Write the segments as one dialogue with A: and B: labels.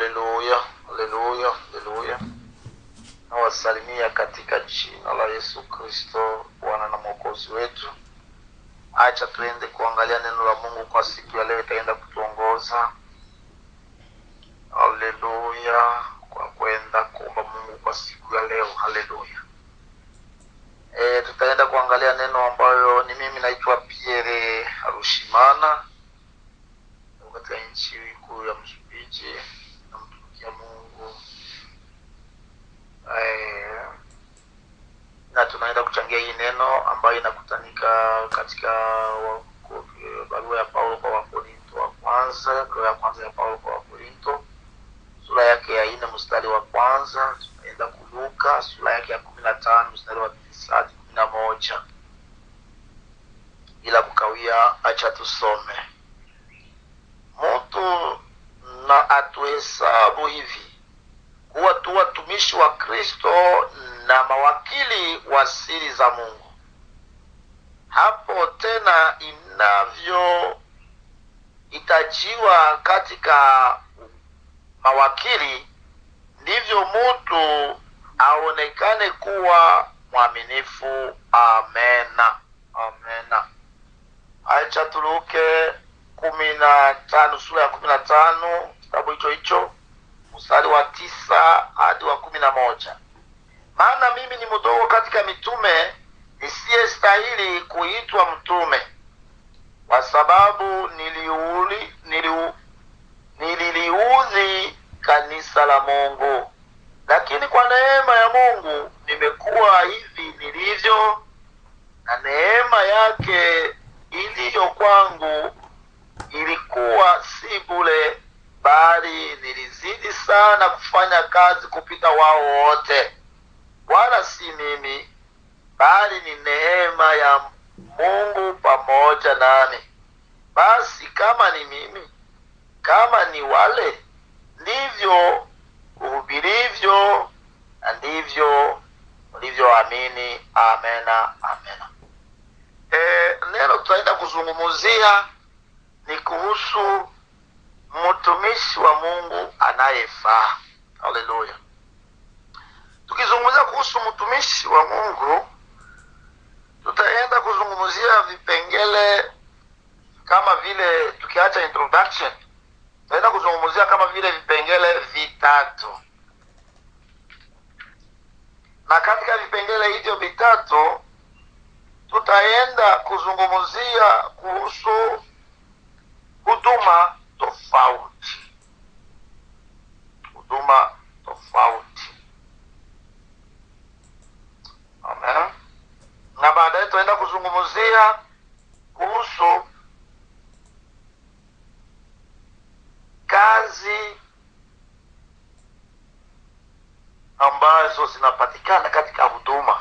A: Haleluya, haleluya, haleluya. Nawasalimia katika jina la Yesu Kristo, Bwana na mwokozi wetu. Acha tuende kuangalia neno la Mungu kwa siku ya leo, itaenda kutuongoza haleluya, kwa kwenda kuomba Mungu kwa siku ya leo. Haleluya. E, tutaenda kuangalia neno ambayo ni mimi naitwa Pierre arushimana katika nchi kuu ya Msumbiji Eh, na tunaenda kuchangia hii neno ambayo inakutanika katika barua ya Paulo kwa Wakorinto wa kwanza, barua ya kwanza ya Paulo kwa Wakorinto sura yake ya ine mstari wa kwanza. Tunaenda kuluka sura yake ya kumi na tano mstari wa tisa hadi kumi na moja. Bila kukawia, acha tusome. mutu na atuhesabu hivi tu watumishi wa Kristo na mawakili wa siri za Mungu. Hapo tena inavyohitajiwa katika mawakili, ndivyo mtu aonekane kuwa mwaminifu. Amena, amena. Acha tuluke kumi na tano, sura ya kumi na tano, kitabu hicho hicho mstari wa tisa hadi wa kumi na moja maana mimi ni mdogo katika mitume nisiyestahili kuitwa mtume kwa sababu niliuli, nililiudhi kanisa la Mungu, lakini kwa neema ya Mungu nimekuwa hivi nilivyo, na neema yake iliyo kwangu ilikuwa si bule bali nilizidi sana kufanya kazi kupita wao wote, wala si mimi, bali ni neema ya Mungu pamoja nami. Basi kama ni mimi, kama ni wale, ndivyo uhubirivyo na ndivyo ulivyoamini. Amena, amena. E, neno tutaenda kuzungumuzia ni kuhusu mtumishi wa Mungu anayefaa. Haleluya! Tukizungumzia kuhusu mtumishi wa Mungu, tutaenda kuzungumzia vipengele kama vile, tukiacha introduction, tutaenda kuzungumzia kama vile vipengele vitatu, na katika vipengele hivyo vitatu tutaenda kuzungumzia kuhusu huduma tofauti, huduma tofauti. Amen. Na baadaye tunaenda kuzungumzia kuhusu kazi ambazo zinapatikana katika huduma.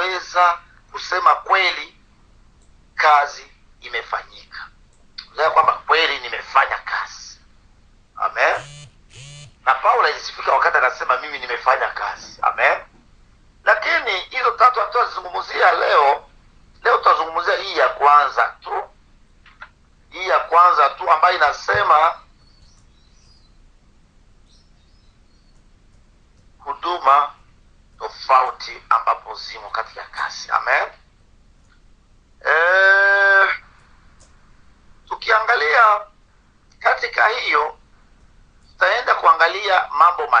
A: tunaweza kusema kweli kazi imefanyika, tunasema kwamba kweli nimefanya kazi. Amen. Na Paulo ilisifika wakati anasema mimi nimefanya kazi. Amen. Lakini hizo tatu hatutazizungumzia leo. Leo tutazungumzia hii ya kwanza tu, hii ya kwanza tu ambayo inasema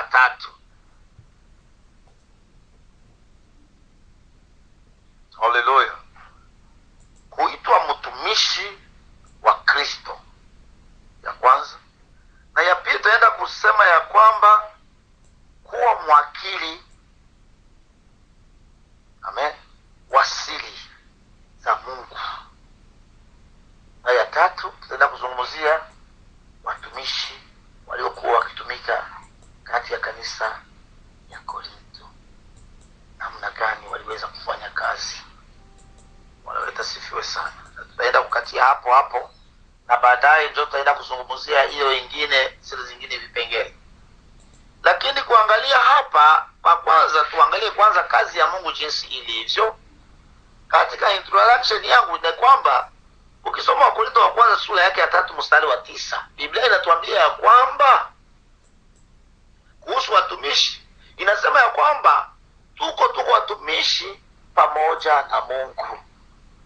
A: batata hapo hapo na baadaye ndio tutaenda kuzungumzia hiyo ingine zile zingine vipengele lakini kuangalia hapa kwa kwanza tuangalie kwanza kazi ya mungu jinsi ilivyo katika introduction yangu ni kwamba ukisoma wakorinto wa kwanza sura yake ya tatu mstari wa tisa biblia inatuambia ya kwamba kuhusu watumishi inasema ya kwamba tuko tuko watumishi pamoja na mungu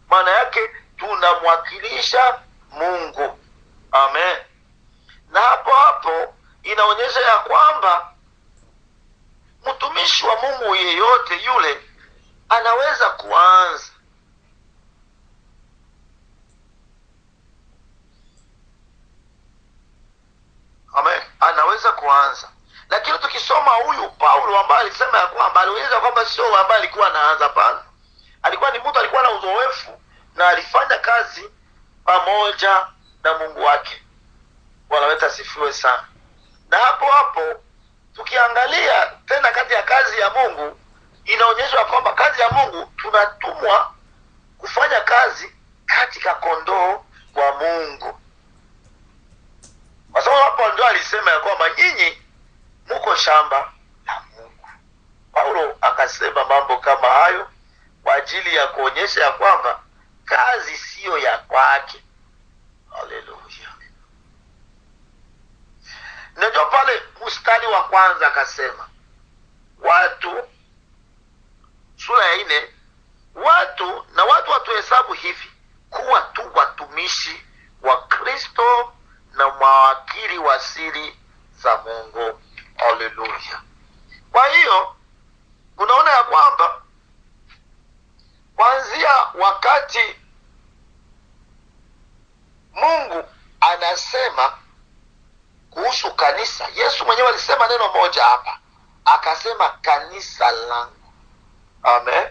A: maana yake tunamwakilisha mungu amen na hapo hapo inaonyesha ya kwamba mtumishi wa mungu yeyote yule anaweza kuanza amen anaweza kuanza lakini tukisoma huyu paulo ambaye alisema ya kwamba alionyesha kwamba sio ambaye alikuwa anaanza pana alikuwa ni mtu alikuwa na uzoefu na alifanya kazi pamoja na mungu wake bwana wetu asifiwe sana na hapo hapo tukiangalia tena kati ya kazi ya mungu inaonyeshwa kwamba kazi ya mungu tunatumwa kufanya kazi katika kondoo wa mungu kwa sababu hapo ndio alisema ya kwamba nyinyi muko shamba la mungu paulo akasema mambo kama hayo kwa ajili ya kuonyesha ya kwamba kazi siyo ya kwake. Haleluya! najua pale mstari wa kwanza akasema watu, sura ya nne, watu na watu watuhesabu hivi kuwa tu watumishi wa Kristo na mawakili wa siri za Mungu. Haleluya! Kwa hiyo unaona ya kwamba kuanzia wakati mungu anasema kuhusu kanisa yesu mwenyewe alisema neno moja hapa akasema kanisa langu amen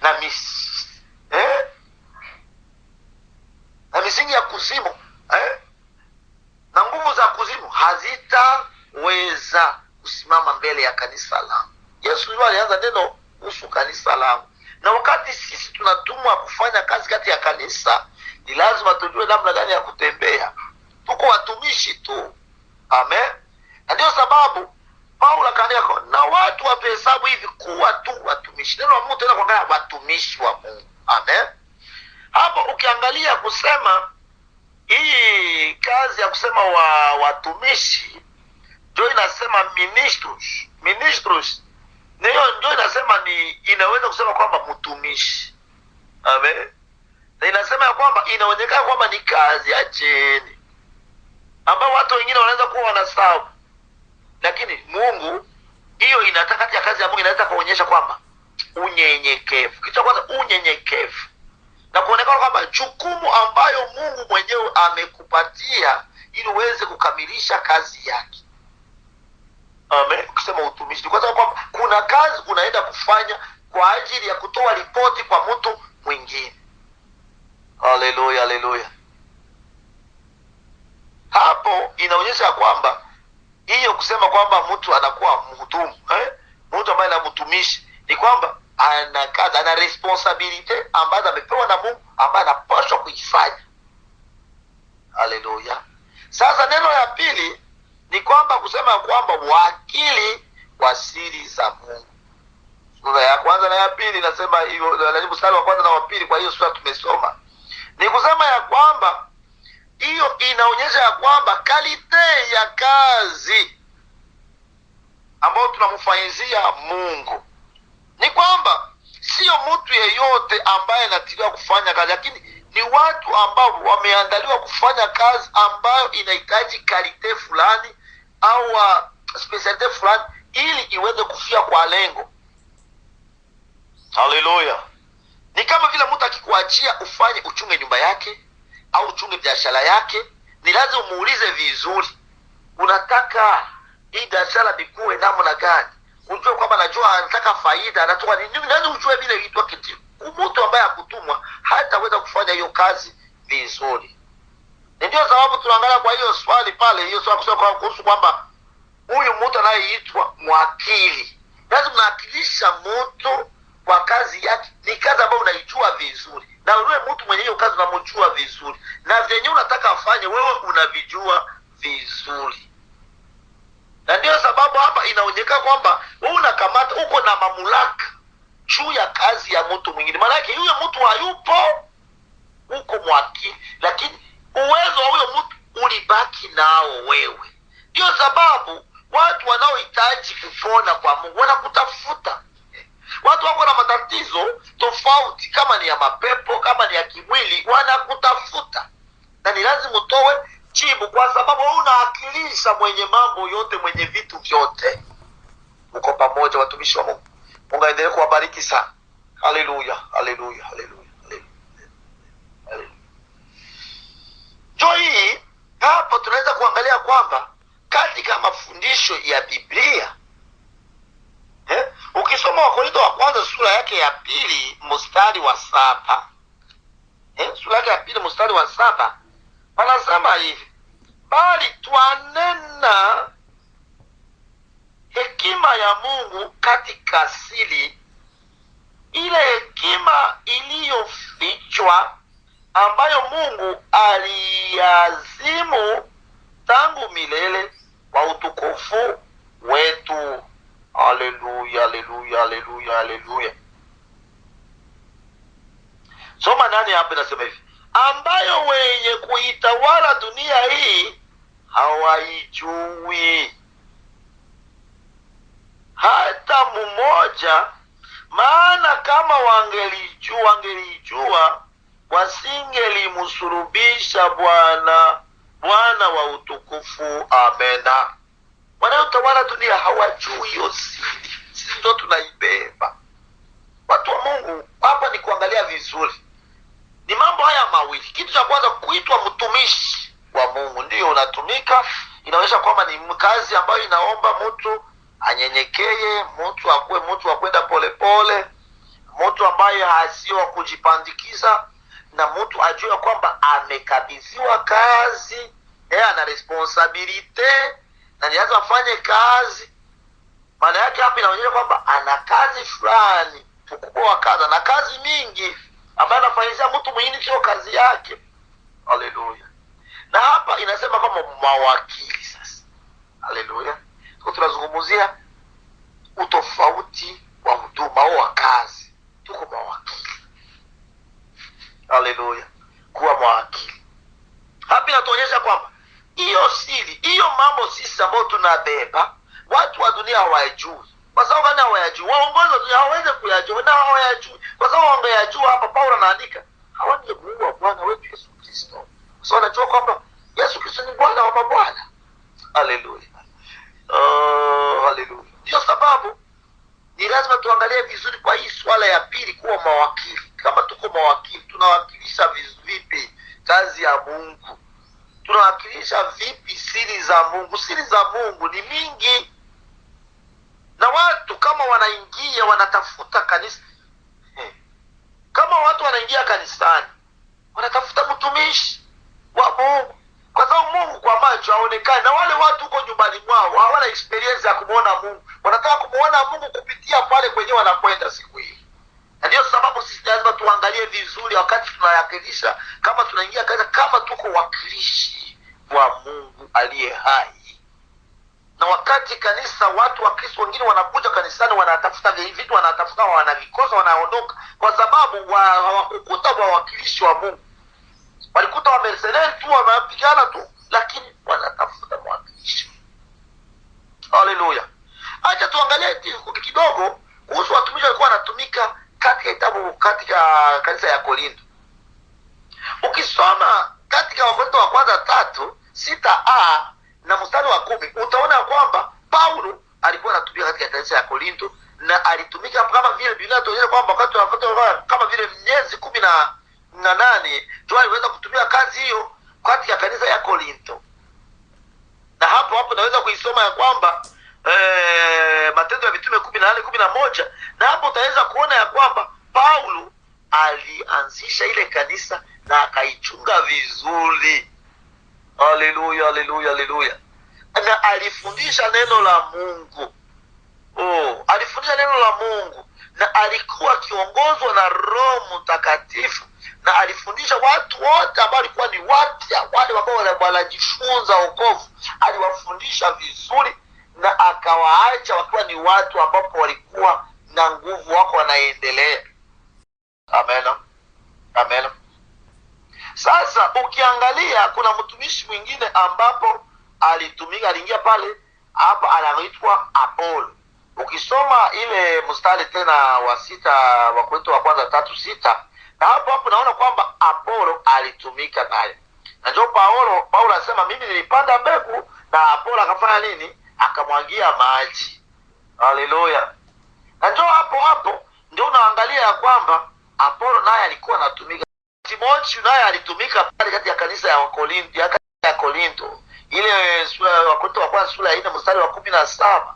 A: na mis eh? na misingi ya kuzimu eh? na nguvu za kuzimu hazitaweza kusimama mbele ya kanisa langu Yesu ndio alianza neno kuhusu kanisa langu, na wakati sisi tunatumwa kufanya kazi kati ya kanisa, ni lazima tujue namna gani ya kutembea. Tuko watumishi tu, amen. Na ndio sababu Paulo akaandika na watu wapehesabu hivi kuwa tu watumishi. Neno la Mungu tena kuangalia watumishi wa Mungu, amen. Hapo ukiangalia kusema hii kazi ya kusema wa watumishi ndio inasema ministros ministros na hiyo ndio inasema ni inaweza kusema kwamba mtumishi amen na inasema ya kwamba inaonekana kwamba ni kazi ya chini ambao watu wengine wanaweza kuwa wanasabu lakini mungu hiyo inataka ya kazi ya mungu inaweza kuonyesha kwamba unyenyekevu kitu cha kwanza unyenyekevu na kuonekana kwamba jukumu ambayo mungu mwenyewe amekupatia ili uweze kukamilisha kazi yake Amen. Ah, kusema utumishi sababu kwamba kuna kazi unaenda kufanya kwa ajili ya kutoa ripoti kwa mtu mwingine. Haleluya, haleluya. Hapo inaonyesha kwamba hiyo kusema kwamba mtu anakuwa mhudumu eh? mtu ambaye anamtumishi ni kwamba ana kazi, ana responsabilite ambazo amepewa na Mungu ambaye anapashwa kuifanya. Haleluya. Sasa neno ya pili ni kwamba kusema ya kwamba wakili wa siri za Mungu. Sura ya kwanza na ya pili nasema hiyo, yaani mstari wa kwanza na wa pili kwa hiyo sura tumesoma, ni kusema ya kwamba hiyo inaonyesha ya kwamba kalite ya kazi ambayo tunamfanyizia Mungu ni kwamba sio mtu yeyote ambaye anatiliwa kufanya kazi, lakini ni watu ambao wameandaliwa kufanya kazi ambayo inahitaji kalite fulani au uh, specialite fulani ili iweze kufia kwa lengo. Haleluya! Ni kama vile mtu akikuachia ufanye uchunge nyumba yake au uchunge biashara yake, ni lazima umuulize vizuri, unataka hii biashara nikuwe namna gani? Ujue kwamba najua anataka faida, anatoka nini? Lazima ujue vile kitu. Mtu ambaye akutumwa hataweza kufanya hiyo kazi pale hiyo sawa kusema kuhusu kwamba huyu mtu anayeitwa mwakili lazima unawakilisha mtu kwa kazi yake ni kazi ambayo unaijua vizuri na wewe mtu mwenye hiyo kazi unamjua vizuri na vyenye unataka afanye wewe unavijua vizuri na ndiyo sababu hapa inaonyeka kwamba wewe unakamata uko na mamlaka juu ya kazi ya mtu mwingine maanake huyo mtu hayupo uko mwakili lakini uwezo wa huyo mtu ulibaki nao wewe. Ndio sababu watu wanaohitaji kupona kwa Mungu wanakutafuta. Watu wako na matatizo tofauti, kama ni ya mapepo, kama ni ya kimwili, wanakutafuta na ni lazima utoe jibu, kwa sababu wewe unaakilisha mwenye mambo yote, mwenye vitu vyote. Uko pamoja, watumishi wa Mungu? Mungu aendelee kuwabariki sana. Haleluya, haleluya, haleluya, haleluya. Njoo hii hapo tunaweza kuangalia kwamba katika mafundisho ya Biblia eh, ukisoma Wakorintho wa kwanza sura yake ya pili mstari wa saba eh, sura yake ya pili mstari wa saba panasema hivi, bali twanena hekima ya Mungu katika siri, ile hekima iliyofichwa ambayo Mungu aliyaz msimu tangu milele wa utukufu wetu haleluya haleluya haleluya haleluya soma nani hapa inasema hivi ambayo wenye kuitawala dunia hii hawaijui hata mmoja maana kama wangelijua wangelijua wasingelimsurubisha bwana Bwana wa utukufu amena. Wanaotawala dunia hawajui hiyo siri, sisi ndo tunaibeba. Watu wa Mungu, hapa ni kuangalia vizuri, ni mambo haya mawili. Kitu cha kwanza kuitwa mtumishi wa Mungu, ndiyo unatumika, inaonyesha kwamba ni kazi ambayo inaomba mtu anyenyekeye, mtu akuwe mtu wa kwenda polepole, mtu ambaye hasio wa kujipandikiza na mtu ajue kwamba amekabidhiwa kazi eh, ana responsabilite na niaza afanye kazi. Maana yake hapa inaonyesha kwamba ana kazi fulani, mkubwa wa kazi, ana kazi mingi ambayo anafanyizia mtu mwingine, sio kazi yake. Haleluya! Na hapa inasema kwamba mawakili sasa. Haleluya! So tunazungumzia utofauti wa huduma au wa kazi, tuko mawakili haleluya kuwa mwa akili hapa inatuonyesha kwamba hiyo sili hiyo mambo sisi ambayo tunabeba watu wa dunia hawayajui kwa sababu gani hawayajui waongozi wa dunia hawaweze kuyajua na hawayajui kwa sababu wangeyajua hapa paulo anaandika hawangemuua bwana wetu yesu kristo kwa sababu anajua kwamba yesu kristo ni bwana wa mabwana haleluya oh, haleluya ndiyo sababu ni lazima tuangalie vizuri kwa hii swala ya pili kuwa mawakili kama tuko mawakili kazi ya Mungu? Tunawakilisha vipi siri za Mungu? Siri za Mungu ni mingi, na watu kama wanaingia wanatafuta kanisa kama watu wanaingia kanisani wanatafuta mtumishi wa Mungu kwa sababu Mungu kwa macho haonekani, na wale watu huko nyumbani mwao hawana experience ya kumwona Mungu. Wanataka kumwona Mungu kupitia pale kwenyewe wanakwenda siku hiyo na ndio sababu sisi lazima tuangalie vizuri wakati tunayakilisha kama tunaingia kaza kama tuko wakilishi wa mungu aliye hai na wakati kanisa watu wa kristo wengine wanakuja kanisani wanatafuta vitu wanatafuta wanavikosa wanaondoka kwa sababu hawakukuta wa, wawakilishi wa mungu walikuta wamercenari tu wanapigana tu lakini wanatafuta mwakilishi haleluya acha tuangalie kidogo kuhusu watumishi walikuwa wanatumika katika kitabu katika kanisa ya Korinto. Ukisoma katika Wakorinto wa kwanza tatu sita a na mstari wa kumi utaona kwamba Paulo alikuwa anatumia katika kanisa ya Korinto na alitumika kama vile Biblia kwamba wakati wa kama vile miezi kumi na na nane tu aliweza kutumia kazi hiyo katika kanisa ya Korinto, na hapo hapo naweza kuisoma ya kwamba eh, Matendo ya Mitume kumi na nane kumi na moja na hapo utaweza kuona ya kwamba Paulo alianzisha ile kanisa na akaichunga vizuri. Haleluya, haleluya, haleluya! Na alifundisha neno la Mungu. Oh, alifundisha neno la Mungu na alikuwa akiongozwa na Roho Mtakatifu na alifundisha watu wote ambao walikuwa ni wapya, wale ambao wanajifunza okovu aliwafundisha vizuri na akawaacha wakiwa ni watu ambapo walikuwa na nguvu, wako wanaendelea. Amen, amen. Sasa ukiangalia kuna mtumishi mwingine ambapo alitumika, aliingia pale hapa, anaitwa Apolo. Ukisoma ile mstari tena wa sita wa wa kwanza tatu sita na hapo hapo naona kwamba Apolo alitumika naye, najo paolo Paulo Paulo anasema mimi nilipanda mbegu na Apolo akafanya nini? akamwagia maji haleluya natoa hapo hapo ndio unaangalia ya kwamba apolo naye alikuwa anatumika timotheo naye alitumika pale kati ya kanisa ya wakorinto ya, ya korinto ile sura wakorinto wa kwanza sura ya nne mstari wa kumi na saba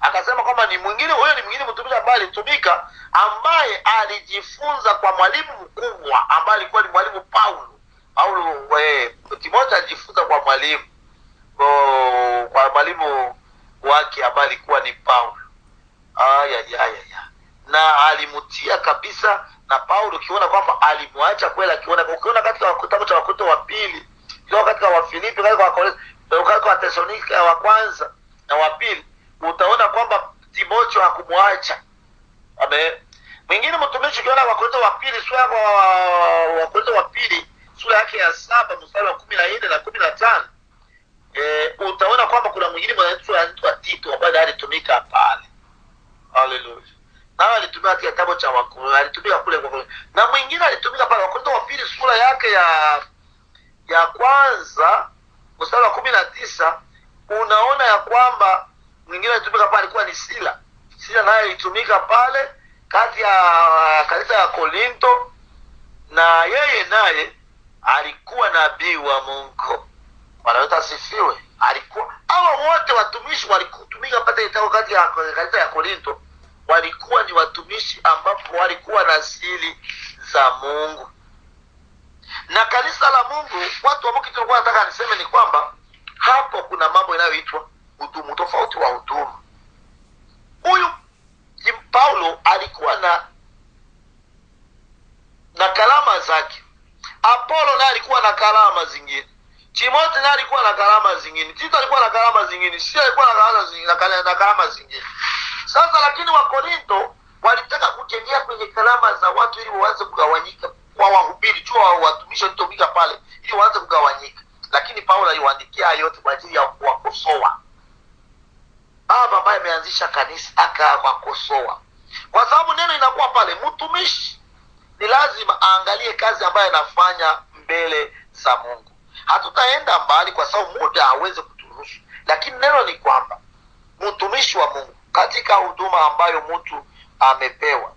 A: akasema kwamba ni mwingine huyo ni mwingine mtumishi ambaye alitumika ambaye alijifunza kwa mwalimu mkubwa ambaye alikuwa ni mwalimu paulo paulo eh, alijifunza kwa mwalimu kwa mwalimu wake ambaye alikuwa ni Paulo. ya. na alimtia kabisa na Paulo, ukiona kwamba alimwacha kweli, akiona ukiona katika kitabu cha Wakorinto wa pili, ukiona katika wa Wafilipi, katika wa Wakolesi, katika wa Watesalonike wa kwanza na wa pili, utaona kwamba Timotheo hakumwacha. Amen. Mwingine mtumishi, ukiona Wakorinto wa pili sura ya Wakorinto wa pili sura yake ya saba mstari wa kumi na nne na kumi na tano kitabu cha Wakorintho, alitumika kule kwa kule, na mwingine alitumika pale Wakorintho wa pili sura yake ya ya kwanza mstari wa kumi na tisa unaona ya kwamba mwingine alitumika pale alikuwa ni Sila. Sila naye alitumika pale kati ya kanisa ya Korinto, na yeye naye alikuwa nabii wa Mungu. Bwana asifiwe. Alikuwa hawa wote watumishi walikutumika pale kati ya kanisa ya Korinto walikuwa ni watumishi ambapo walikuwa na siri za Mungu na kanisa la Mungu. Watu ambao kitu kitu nataka niseme ni kwamba hapo kuna mambo inayoitwa hudumu, tofauti wa hudumu. Huyu Paulo alikuwa na na karama zake, Apolo naye alikuwa na karama zingine Timothy naye alikuwa na karama zingine, Tito alikuwa na karama zingine, Sila alikuwa na karama zingine, na karama zingine. Sasa lakini Wakorintho walitaka kujengea kwenye karama za watu ili waanze kugawanyika kwa wahubiri tu watumishi walitumika pale ili waanze kugawanyika, lakini Paulo aliwaandikia yote kwa ajili ya kuwakosoa baba ambaye ameanzisha kanisa, akawakosoa kwa sababu neno inakuwa pale. Mtumishi ni lazima aangalie kazi ambayo anafanya mbele za Mungu. Hatutaenda mbali kwa sababu muda hawezi kuturuhusu, lakini neno ni kwamba mtumishi wa Mungu katika huduma ambayo mtu amepewa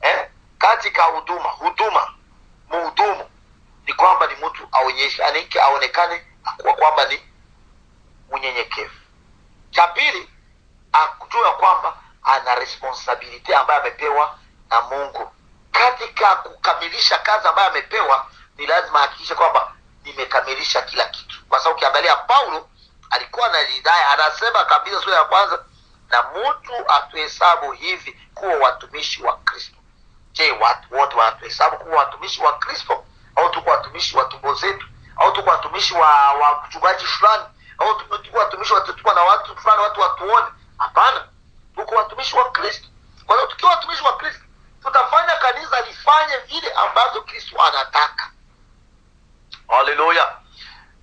A: eh? katika huduma huduma muhudumu ni kwamba ni mtu aonyeshanike aonekane kwa kwamba ni unyenyekevu cha pili ajua kwamba ana responsibility ambayo amepewa na mungu katika kukamilisha kazi ambayo amepewa ni lazima ahakikishe kwamba nimekamilisha kila kitu kwa sababu ukiangalia paulo alikuwa na hidaya anasema kabisa sura ya kwanza na mtu atuhesabu hivi kuwa watumishi wa kristo je watu wote wanatuhesabu kuwa watumishi wa kristo au tuko watumishi wa tumbo zetu au tuko watumishi wa wa mchungaji fulani au tuko watumishi watutukwa na watu fulani watu watuone hapana tuko watumishi wa kristo kwa hiyo tukiwa watumishi wa kristo tutafanya kanisa lifanye vile ambavyo kristo anataka haleluya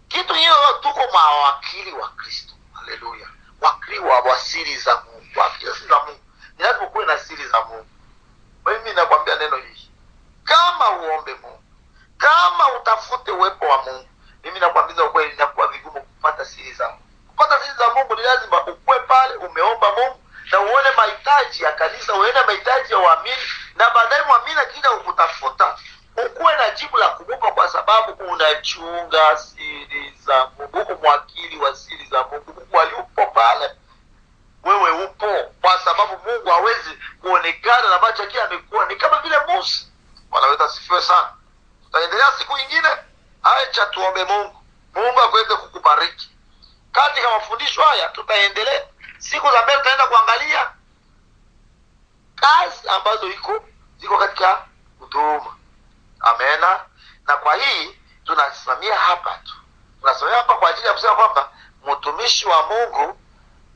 A: kitu hiyo tuko mawakili wa kristo haleluya wakiwa wa siri za Mungu, wakijua siri za Mungu. Ni lazima kuwe na siri za Mungu. Mimi nakwambia neno hili, kama uombe Mungu, kama utafute uwepo wa Mungu, mimi nakwambia ukweli, inakuwa vigumu kupata siri za Mungu. Kupata siri za Mungu ni lazima ukuwe pale umeomba Mungu na uone mahitaji ya kanisa, uone mahitaji ya waamini, na baadaye mwamini akija ukutafuta, ukuwe na jibu la kumupa, kwa sababu unachunga na kwa hii tunasimamia hapa tu, tunasimamia hapa kwa ajili ya kusema kwamba mtumishi wa Mungu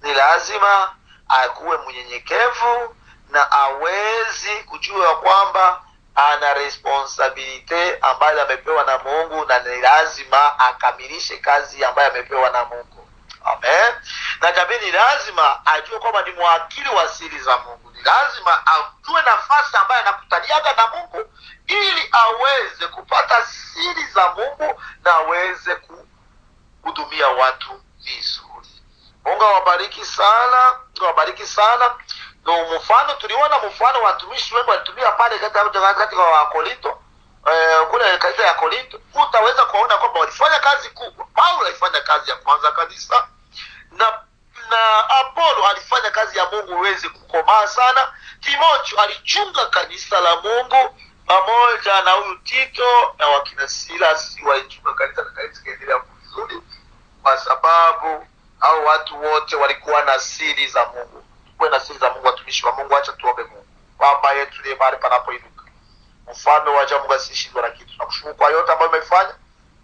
A: ni lazima akuwe mnyenyekevu na awezi kujua kwamba ana responsabilite ambayo amepewa na Mungu na ni lazima akamilishe kazi ambayo amepewa na Mungu. Amen. Na jamii ni lazima ajue kwamba ni mwakili wa siri za Mungu, ni lazima ajue nafasi ambayo anakutaniaga na Mungu ili aweze kupata siri za Mungu na aweze kuhudumia watu vizuri. Mungu awabariki sana, Mungu awabariki sana. Ndio mfano tuliona, mfano watumishi wengi walitumia pale katika Wakorinto eh, kule katika ya Korinto, utaweza kuona kwamba walifanya kazi kubwa. Paulo alifanya kazi ya kwanza kabisa na na Apollo alifanya kazi ya Mungu uweze kukomaa sana. Timotheo alichunga kanisa la Mungu pamoja na huyu Tito na wakina Silasi walichunga kanisa na kanisa kaendelea vizuri, kwa sababu au watu wote walikuwa na siri za Mungu. Tukuwe na siri za Mungu, watumishi wa Mungu. Acha tuombe Mungu. Baba yetu ni mahali panapoinuka, mfano wa jamu asishindwa na kitu. Nakushukuru kwa yote ambayo umefanya,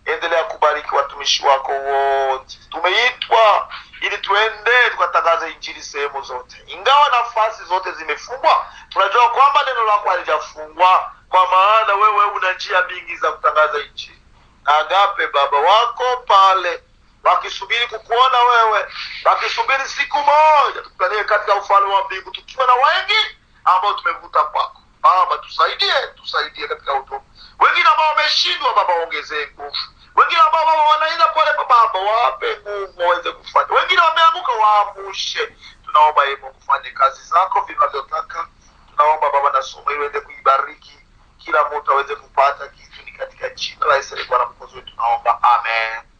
A: endelea kubariki watumishi wako wote, tumeitwa ili tuende tukatangaze injili sehemu zote. Ingawa nafasi zote zimefungwa, tunajua kwamba neno lako halijafungwa, kwa maana wewe una njia mingi za kutangaza injili. Agape baba wako pale wakisubiri kukuona wewe, wakisubiri siku moja tukutanie katika ufalme wa mbingu tukiwa na wengi ambao tumevuta kwako. Baba tusaidie, tusaidie katika utume. Wengine ambao wameshindwa, Baba ongezee nguvu wengine ambao baba wanaweza pale baba wape Mungu waweze kufanya, wengine wameanguka waamushe. Tunaomba ye kufanye kazi zako vinavyotaka. Tunaomba baba na somo iweze kuibariki, kila mtu aweze kupata kitu, ni katika jina la Yesu Bwana mkozi wetu, tunaomba amen.